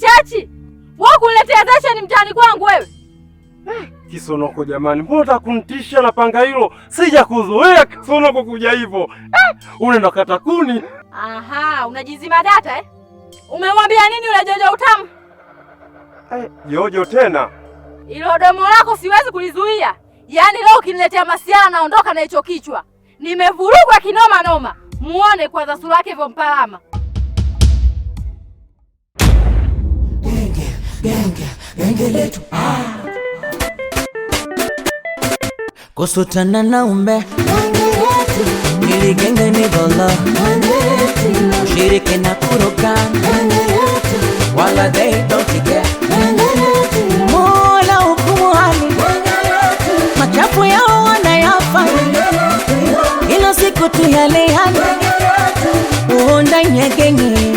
chachi wewe kuniletea zasha ni mtani kwangu wewe. Eh, kisonoko jamani, mbona utakuntisha na panga hilo? Sija kuzoea kisonoko kuja hivyo eh, unaenda kata kuni. Aha, unajizima data eh? Umemwambia nini yule Jojo utamu? Eh, Jojo tena ilo domo lako siwezi kulizuia. Yaani leo ukiniletea masiala naondoka na hicho kichwa, nimevurugwa kinoma noma. Muone kwanza sura yake vompalama genge letu ah. Kusutana na umbe ili genge ni bolo, shiriki na kuruka wala they don't care. Mola hukumu hali, machafu yao wanayafa, ilo siku tu yale yale, uonda nyegenge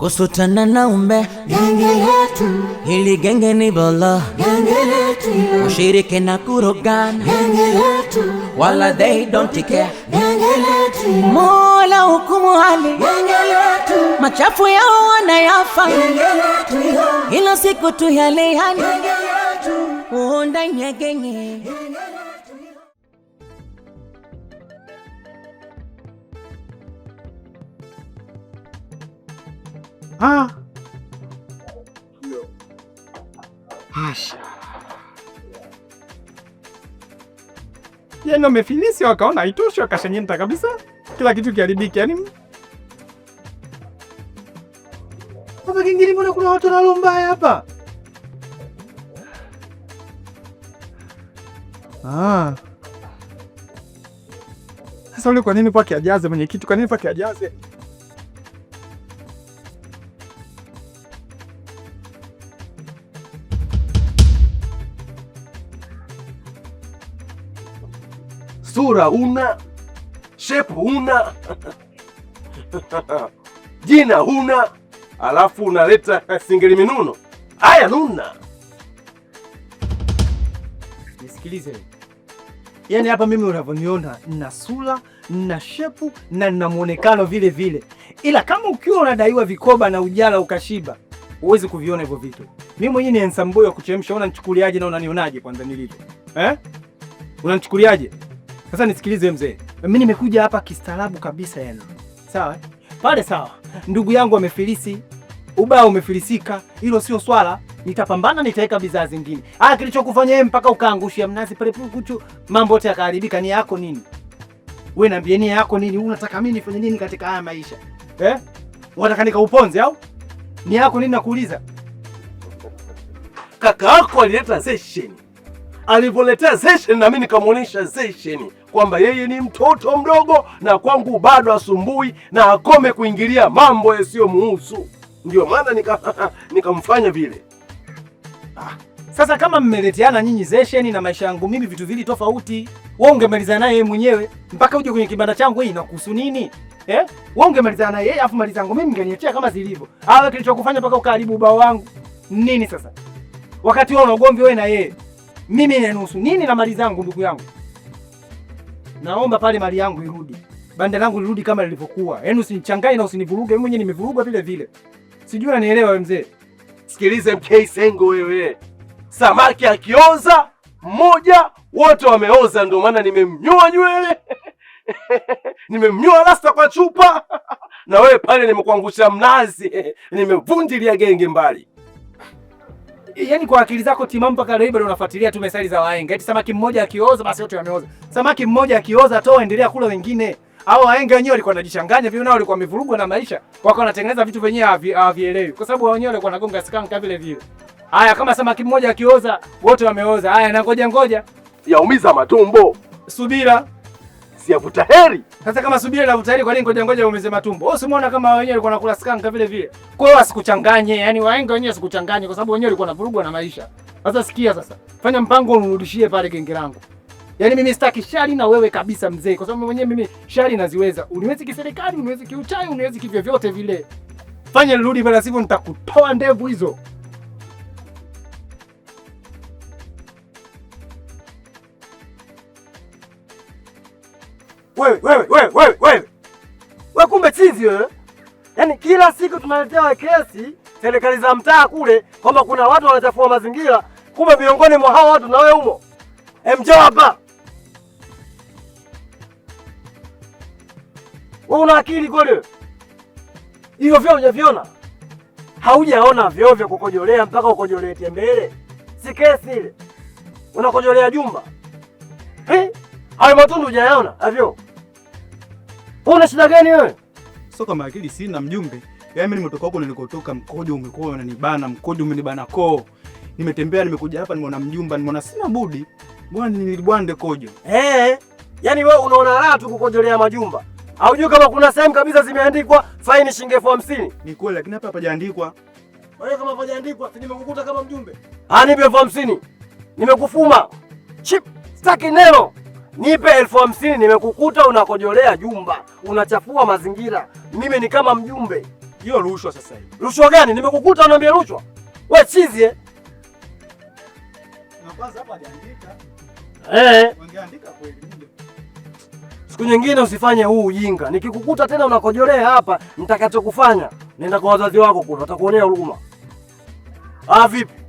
kusutana na umbe genge letu, hili genge ni bolo genge letu, ushirike na kurogana genge letu, wala they don't care genge letu, Mola hukumu hali genge letu, machafu yao yafa genge letu, ila siku tu yale yale genge letu, uunda nyegenge Ha? Hasha. wamefilisi wakaona itoshi wakashenyenta kabisa. Kila kitu kiharibiki Yani Hapa kingine mbona kuna watu mbaya hapa? Ah. Sasa ule kwa nini pake ajaze mwenyekiti? Kwa nini pake ajaze? sura huna, shepu huna jina huna, alafu unaleta singeli minuno haya nuna. Nisikilize, yaani hapa mimi unavyoniona, nina sura na shepu na nina mwonekano vile vile, ila kama ukiwa unadaiwa vikoba na ujala ukashiba, huwezi kuviona hivyo vitu. Mimi mwenyewe ni handsome boy wa kuchemsha. Unanichukuliaje na unanionaje kwanza nilivyo eh? Unanichukuliaje? Sasa nisikilize mzee, mimi nimekuja hapa kistaarabu kabisa yani. Sawa pale, sawa ndugu yangu amefilisi, ubao umefilisika, hilo sio swala. Nitapambana, nitaweka bidhaa zingine. Ah, kilichokufanya wewe mpaka ukaangushia mnazi pale kuchu, mambo yote yakaharibika. ni yako nini? Wewe niambie, ni yako nini? Unataka mimi nifanye nini katika haya maisha eh? Unataka nikauponze au ni yako nini? Nakuuliza kaka yako alileta session, alivyoletea session na mimi nikamuonesha session kwamba yeye ni mtoto mdogo na kwangu bado asumbui, na akome kuingilia mambo yasiyomuhusu. Ndio maana nikamfanya nika vile. Ah, sasa kama mmeleteana nyinyi zesheni na maisha yangu mimi vitu vili tofauti, wewe ungemalizana naye yeye mwenyewe mpaka uje kwenye kibanda changu, hii inakuhusu nini? Eh? Wewe ungemalizana naye yeye afu mali zangu mimi ningeniachia kama zilivyo. Hawa kilichokufanya mpaka ukaharibu ubao wangu. Nini sasa? Wakati wewe una ugomvi wewe na yeye. Mimi ninahusu nini na mali zangu ndugu yangu? Naomba pale mali yangu irudi, banda langu lirudi kama lilivyokuwa. Yaani usinichanganye na usinivuruge, mimi mwenyewe nimevurugwa vile vile. Sijui unanielewa wewe mzee. Sikilize MK Sengo wewe, samaki akioza mmoja wote wameoza, ndio maana nimemnyoa nywele nimemnyoa rasta kwa chupa na wewe pale nimekuangusha mnazi, nimevunjilia genge mbali yani kwa akili zako timamu mpaka leo bado unafuatilia tu mesali za wahenga. Eti samaki mmoja akioza basi wote wameoza. Samaki mmoja akioza toa endelea kula wengine. Hao wahenga wenyewe walikuwa wanajichanganya vile nao walikuwa wamevurugwa na maisha. kwa wanatengeneza vitu wenyewe havielewi. Kwa sababu wao wenyewe walikuwa wanagonga sikanga kama vile vile. Haya kama samaki mmoja akioza wote wameoza. Haya na ngoja ngoja. Yaumiza matumbo. Subira siyavuta heri. Sasa kama subira inavuta heri, kwa nini ngoja ngoja umeze matumbo? Wewe usimuona kama wenyewe walikuwa nakula skanga vile vile. Kwa hiyo asikuchanganye, yani waenga wenyewe asikuchanganye kwa sababu wenyewe walikuwa wanavurugwa na maisha. Sasa sikia sasa. Fanya mpango unurudishie pale genge langu. Yaani mimi sitaki shari na wewe kabisa mzee, kwa sababu mwenyewe mimi shari naziweza. Uniwezi kiserikali, uniwezi kiuchai, uniwezi kivyovyote vile. Fanya nirudi bila sivyo nitakutoa ndevu hizo. wewe wewe wewe wewe wewe kumbe chizi wewe. Yaani kila siku tunaletewa kesi serikali za mtaa kule kwamba kuna watu wanachafua mazingira, kumbe miongoni mwa hao watu na wewe umo. Emjo eh, hapa wewe, una akili kweli? Hivyo vyoo hujaviona? Haujaona vyoo vya kukojolea mpaka ukojolee tembele? Si kesi ile unakojolea jumba? Eh? Hayo matundu hujayaona avyo? Una shida gani wewe? Sio kama akili sina mjumbe. Yaani mimi nimetoka huko nilikotoka mkojo umekuwa unanibana, mkojo umenibana koo. Nimetembea nimekuja hapa nimeona mjumba, nimeona sina budi. Bwana nilibwande kojo. Eh. Yaani wewe unaona raha tu kukojolea majumba. Haujui kama kuna sehemu kabisa zimeandikwa faini shilingi elfu hamsini. Ni kweli lakini hapa hapajaandikwa. Wewe kama hapajaandikwa, si nimekukuta kama mjumbe. Ah, nipe elfu hamsini. Nimekufuma. Chip, sitaki neno nipe elfu hamsini nimekukuta unakojolea jumba, unachafua mazingira, mimi ni kama mjumbe. Hiyo rushwa sasa hivi. Rushwa gani? Nimekukuta unaambia rushwa we chizi eh? Na kwanza hapa Eh. Wangeandika Siku nyingine usifanye huu ujinga, nikikukuta tena unakojolea hapa, nitakachokufanya nenda kwa wazazi wako kule, watakuonea huruma. Ah, vipi?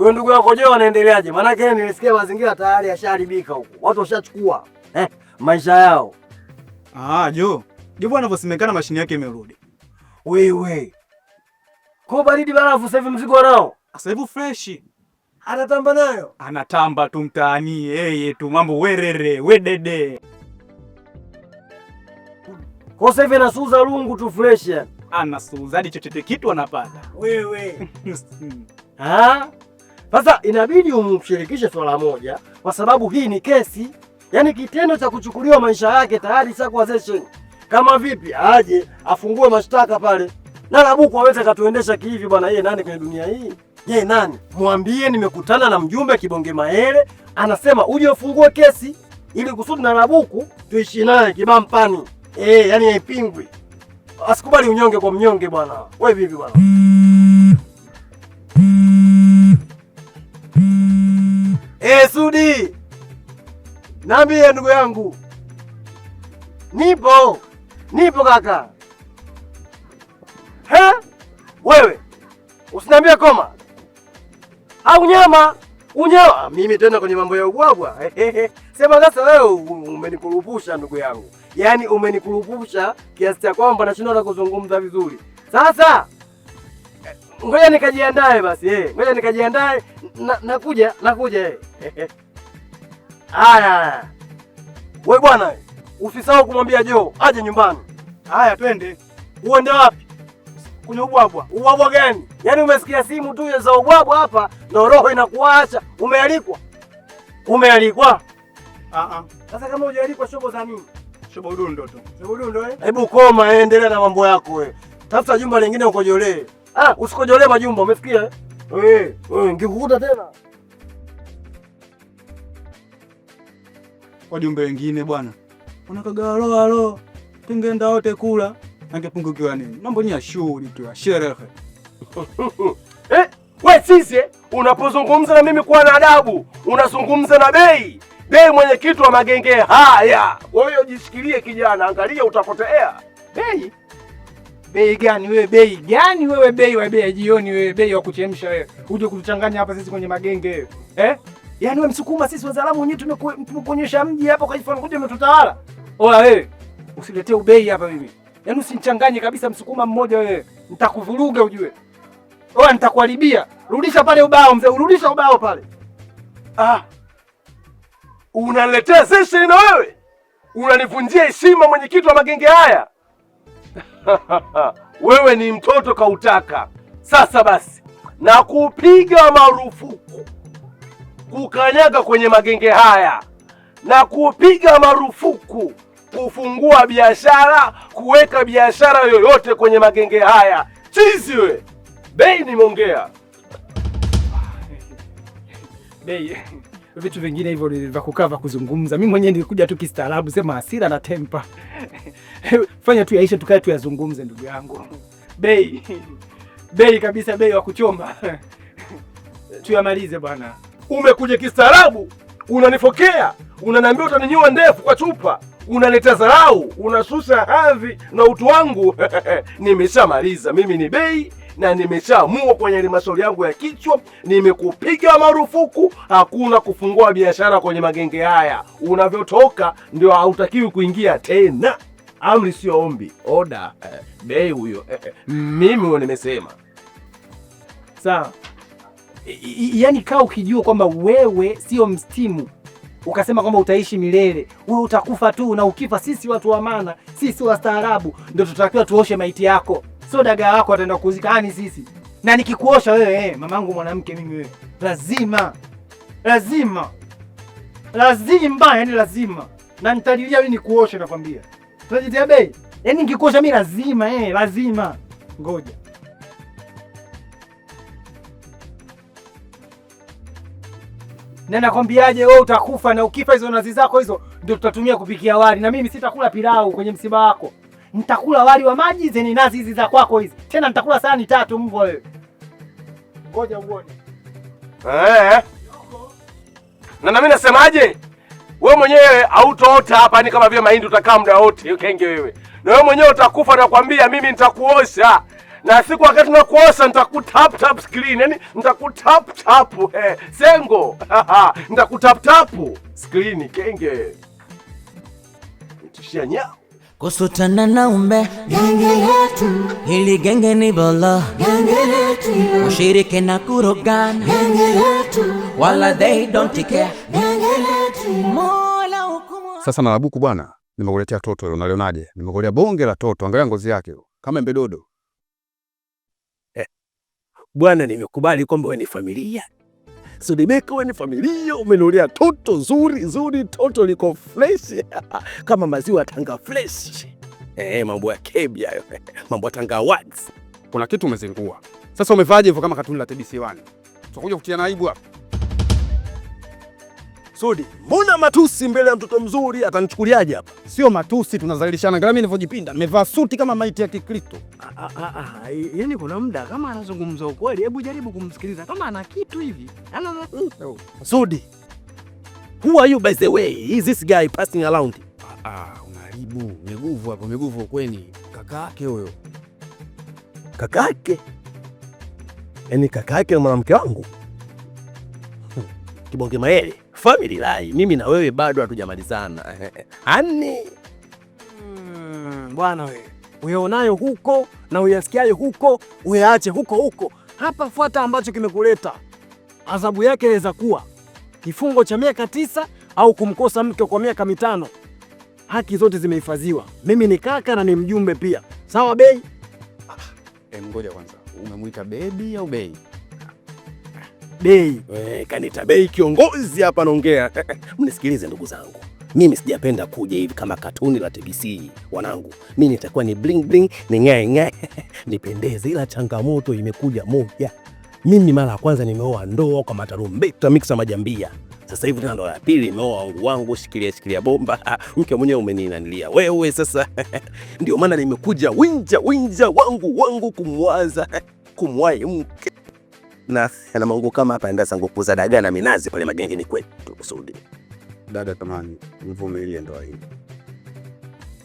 Huyo ndugu yako je, wanaendeleaje? yake nilisikia mazingira tayari yashaharibika huko, watu washachukua eh, maisha yao. Ah, jo jo, anavyosemekana mashini yake imerudi. Wewe Kwa baridi barafu sasa hivi, mzigo nao sasa hivi fresh. Anatamba nayo, anatamba tu mtaani yeye tu, mambo werere wedede Kwa sasa hivi nasuza rungu tu fresh. Anasuza hadi chochote kitu anapata. Wewe Ah? Sasa inabidi umshirikishe swala moja, kwa sababu hii ni kesi, yaani kitendo cha kuchukuliwa maisha yake tayari shakuwazesheni. Kama vipi aje afungue mashtaka pale na Labuku aweze katuendesha kihivi bwana? Yeye nani kwenye dunia hii? Yeye nani? Mwambie nimekutana na mjumbe Kibonge Maele, anasema uje ufungue kesi ili kusudi na Labuku tuishi naye kibampani. Eh, yani haipingwi. Asikubali unyonge kwa mnyonge bwana. Wewe vipi bwana? Eh, Sudi, niambie ndugu yangu. Nipo, nipo kaka. He? Wewe usiniambie koma au nyama unyawa ah, mimi tena kwenye mambo ya ubwabwa. Sema sasa, wewe umenikurupusha ndugu yangu, yaani umenikurupusha kiasi cha kwamba nashindwa na kuzungumza vizuri sasa Ngoja nikajiandae basi eh, ngoja nikajiandae nakuja nakuja eh. Haya we bwana, usisahau kumwambia Joe aje nyumbani. Haya, twende. Uende wapi? Kwenye ubwabwa. Ubwabwa gani? Yaani umesikia simu tu za ubwabwa hapa na roho inakuacha. Umealikwa? Umealikwa? Ah ah. Sasa kama hujaalikwa, shobo za nini? Shobo udundo tu. Shobo udundo eh? Hebu koma, endelea na mambo yako wewe. Eh. Tafuta jumba lingine ukojolee. Ah, usikojolee majumba umefikia eh? Wewe, eh, eh, ngikukuta tena. Wajumbe wengine bwana. Unakagaa roho alo. Tungeenda wote kula. Angepungukiwa nini? Mambo ni ya shughuli tu, ya sherehe. Eh, wewe sisi eh, Unapozungumza na mimi kuwa na adabu, unazungumza na bei. Bei mwenyekiti wa magenge haya. Kwa hiyo jishikilie kijana, angalia utapotea. Bei Bei gani wewe? Bei gani wewe? Bei wa bei jioni wewe, bei wa kuchemsha wewe, uje kutuchanganya hapa sisi kwenye magenge wewe eh? Yaani wewe Msukuma, sisi Wazalamu wenyewe tumekuonyesha mji hapa, kwa ifa, unakuja unatutawala. Oa wewe, usiletee ubei hapa mimi. Yaani usinichanganye kabisa, Msukuma mmoja wewe, nitakuvuruga ujue. Oa, nitakuharibia. Rudisha pale ubao mzee, urudisha ubao pale. Ah, unaletea sisi na wewe unanivunjia heshima, mwenyekiti wa magenge haya wewe ni mtoto kautaka. Sasa basi, na kupiga marufuku kukanyaga kwenye magenge haya, na kupiga marufuku kufungua biashara, kuweka biashara yoyote kwenye magenge haya. Chizi we, bei nimeongea bei vitu vingine hivyo vya kukaa vya kuzungumza. Mimi mwenyewe nilikuja tu kistaarabu, sema hasira na tempa. Fanya tu yaishe, tukae tu yazungumze, ndugu yangu. Bei bei kabisa, bei wa kuchoma tuyamalize bwana. Umekuja kistaarabu, unanifokea, unaniambia utaninyoa ndefu kwa chupa, unaleta dharau, unasusa hadhi na utu wangu. Nimeshamaliza mimi, ni bei na nimeshaamua kwenye halmashauri yangu ya kichwa, nimekupiga marufuku, hakuna kufungua biashara kwenye magenge haya. Unavyotoka ndio hautakiwi kuingia tena. Amri sio ombi, oda eh, bei huyo eh, eh, mimi huyo nimesema sawa. Yaani kaa ukijua kwamba wewe sio mstimu ukasema kwamba utaishi milele, wewe utakufa tu, na ukifa sisi watu wa maana, sisi wastaarabu ndio tutakiwa tuoshe maiti yako sio dagaa wako ataenda kuzikaani ah, sisi. Na nikikuosha wewe, eh, mamangu mwanamke mimi, wewe lazima lazima lazima, yani lazima na nitajilia wewe nikuoshe, nakwambia tunajitia bei, yani nikikuosha mimi lazima eh, lazima ngoja na nakwambiaje, wewe utakufa, na ukifa hizo nazi zako hizo ndio tutatumia kupikia wali, na mimi sitakula pilau kwenye msiba wako nitakula wali wa maji zeni nazi hizi za kwako hizi, tena nitakula sahani tatu. Mbwa wewe, ngoja uone eh. Na nami nasemaje, wewe mwenyewe hautoota hapa, ni kama vile mahindi, utakaa muda wote ukenge wewe, na wewe mwenyewe utakufa. na kwambia mimi nitakuosha na siku wakati nakuosha nitaku tap tap screen, yani nitaku tap tap eh, sengo nitaku tap tap screen kenge Tushia nyao kusutana na umbe genge letu, hili genge ni bolo genge letu, ushirike na kurogana genge letu, wala they don't care genge letu. Mola hukumu sasa. Narabuku bwana, nimekuletea toto, leo, unalionaje? Nimekuletea bonge la toto, angalia ngozi yake kama embe dodo. Eh, bwana, nimekubali kwamba wewe ni familia So Rebeka, wewe ni familia, umenulia toto zuri zuri, toto liko fresh kama maziwa ya Tanga fresh. Eh, mambo ya kebi hayo, mambo ya Tanga Awards. Kuna kitu umezingua. Sasa umevaje hivyo kama katuni la TBC1? Tutakuja kutia aibu hapa. Sudi, mbona matusi mbele ya mtoto mzuri? Atanichukuliaje hapa? Sio matusi, tunazalishana. Kama mimi nilivyojipinda, nimevaa suti kama maiti ya Kikristo. Yaani kuna muda kama anazungumza ukweli, hebu jaribu kumsikiliza kama ana kitu hivi. Ana mm. oh. Sudi, who are you by the way? Is this guy passing around? Ah, ah, Unaharibu miguvu hapo, miguvu kweni. Kakake huyo, kakake yaani kakake mwanamke wangu hmm, kibonge maele family lai, mimi na wewe bado hatujamalizana ani mm, bwana wewe uyaonayo huko na uyasikiayo huko uyaache huko huko hapa, fuata ambacho kimekuleta. Adhabu yake inaweza kuwa kifungo cha miaka tisa au kumkosa mke kwa miaka mitano. Haki zote zimehifadhiwa. Mimi ni kaka na ni mjumbe pia. Sawa bei? Ah, ngoja kwanza, umemwita bebi au bei? bei. We, eh, kaniita bei kiongozi hapa naongea. Eh, eh, mnisikilize ndugu zangu, mimi sijapenda kuja hivi kama katuni la TBC wanangu, Mimi nitakuwa ni bling bling, ni ng'ae ng'ae nipendeze, ila changamoto imekuja moja. Mimi mara ya kwanza nimeoa ndoa kwa matarumbeta mixa majambia sasa hivi tena ndo ya pili nimeoa wangu wangu, shikilia shikilia bomba, mke mwenyewe umeninanilia wewe. Sasa ndio maana nimekuja winja winja wangu wangu kumwaza kumwai mke na ana mangu kama hapa enda zangu kuuza dagaa na minazi pale magengeni kwetu tukusudi. Dada tamani, mvumilie ndoa hii.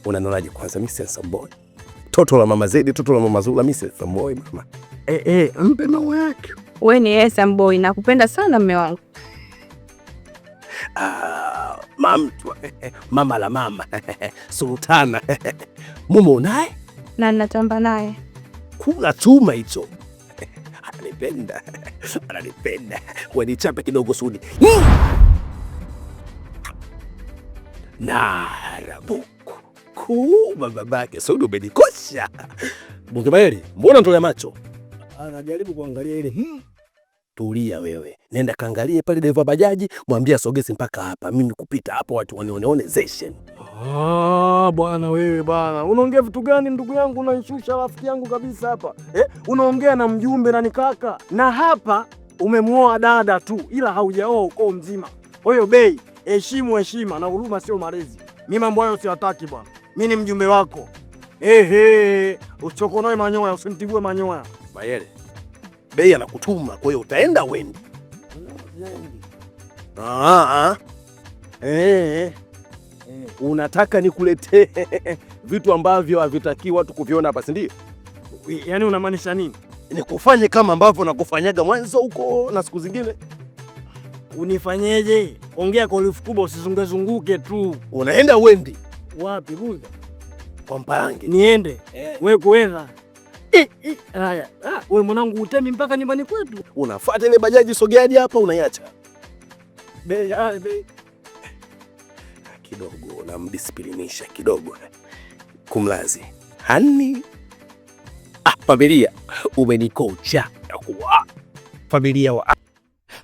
Unanonaje kwanza, mimi si samboi. Toto la mama Zedi, toto la mama Zula, mimi si samboi mama. Eh, eh, mpe maua yake. Wewe ni yes samboi, nakupenda sana mume wangu. Ah, mamtwa. Mama la mama. Sultana. Mume unaye? Na natamba naye. Kula chuma hicho ananipenda, ananipenda. Wanichape kidogo Sudi Narabuku kuuma babake Sudi, umenikosha. Bunge mbona tolea macho? Anajaribu kuangalia ile tulia wewe, nenda kaangalie pale dereva bajaji, mwambie asogeze mpaka hapa, mimi kupita hapo watu wanioneone zeshen. Ah, bwana wewe bwana, unaongea vitu gani ndugu yangu? Unanishusha rafiki yangu kabisa hapa eh, unaongea na mjumbe na nikaka, na hapa umemwoa dada tu, ila haujaoa ukoo mzima. Kwa hiyo bei, heshimu heshima na huruma, sio malezi. Mimi mambo hayo siwataki bwana, mimi ni mjumbe wako. Ehe, usichokonoe manyoya, usinitibue manyoya Bayele bei anakutuma, kwa hiyo utaenda wendi Ah, eh, eh, unataka nikuletee vitu ambavyo havitaki watu kuviona hapa, si ndio? Yaani unamaanisha nini? Nikufanye kama ambavyo nakufanyaga mwanzo huko na siku zingine? Unifanyeje? Ongea kwa herufi kubwa, usizungezunguke tu. Unaenda wendi wapi? Buza kwa mpange niende eh? we kuenda Haya, eh, eh, eh, wewe mwanangu, utemi mpaka nyumbani kwetu. Unafuata ile bajaji, sogeaje hapa, unaiacha bei ah, bei kidogo, unamdisiplinisha kidogo, kumlazi hani. Ah, familia umenikocha kwa familia wa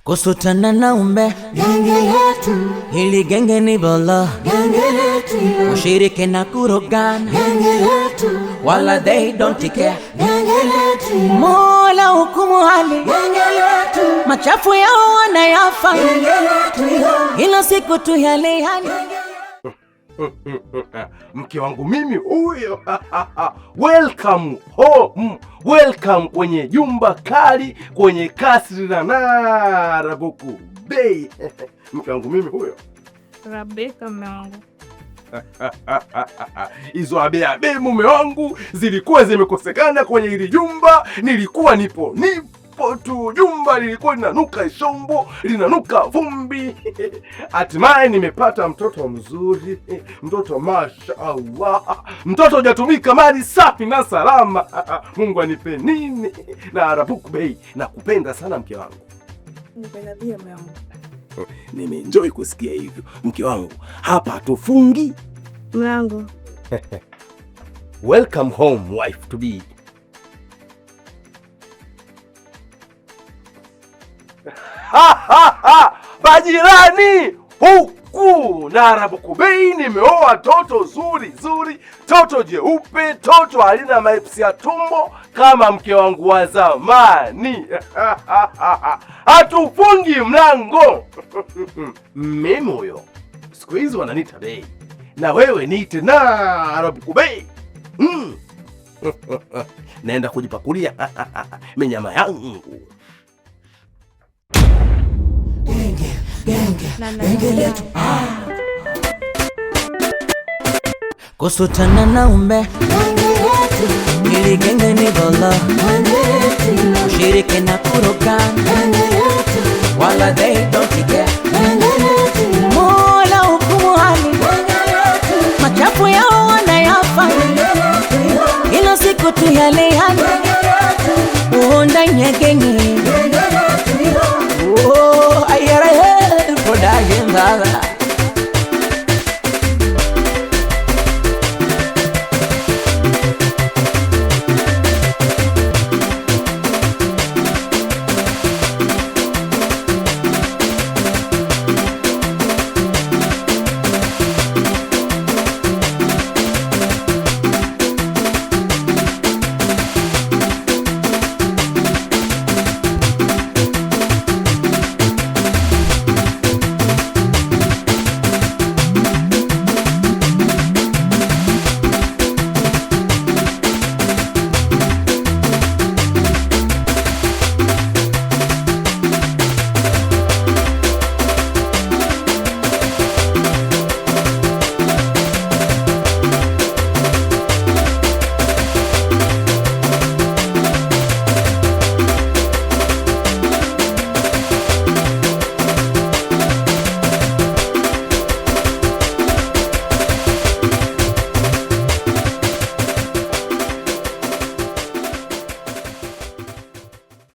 kusutana na umbe genge letu, hili genge ni bolo genge letu, ushirike na kurogana genge letu wala they don't care. Mola hukumu hali machafu yao wanayafa, ila siku tu yale yale. Mke wangu mimi huyo. Welcome home, welcome kwenye jumba kali, kwenye kasri la Narabuku Bey. Mke wangu mimi huyo. Rabeka, mume wangu hizo abe abe mume wangu zilikuwa zimekosekana kwenye hili jumba. Nilikuwa nipo nipo tu, jumba lilikuwa linanuka shombo, linanuka vumbi. Hatimaye nimepata mtoto mzuri, mtoto mashaallah, mtoto hujatumika, mali safi na salama. Mungu anipe nini na Arabuku Bei, nakupenda sana mke wangu nimeenjoi kusikia hivyo. Mke wangu hapa hatufungi mlango. Welcome home wife to be. Majirani huku Narabuku Kubei, nimeoa toto zuri zuri, toto jeupe, toto halina maipsi ya tumbo kama mke wangu wa zamani hatufungi mlango. Mimi huyo siku hizi wananiita bei, na wewe niite Narabuku bei. Mm. naenda kujipakulia minyama yangu genge, genge, genge letu ah. kusutana na umbe niligengeni dola shirike na kurokan wala they don't get Mola hukumu hali machafu yao wanayafa, ila siku tu yale yale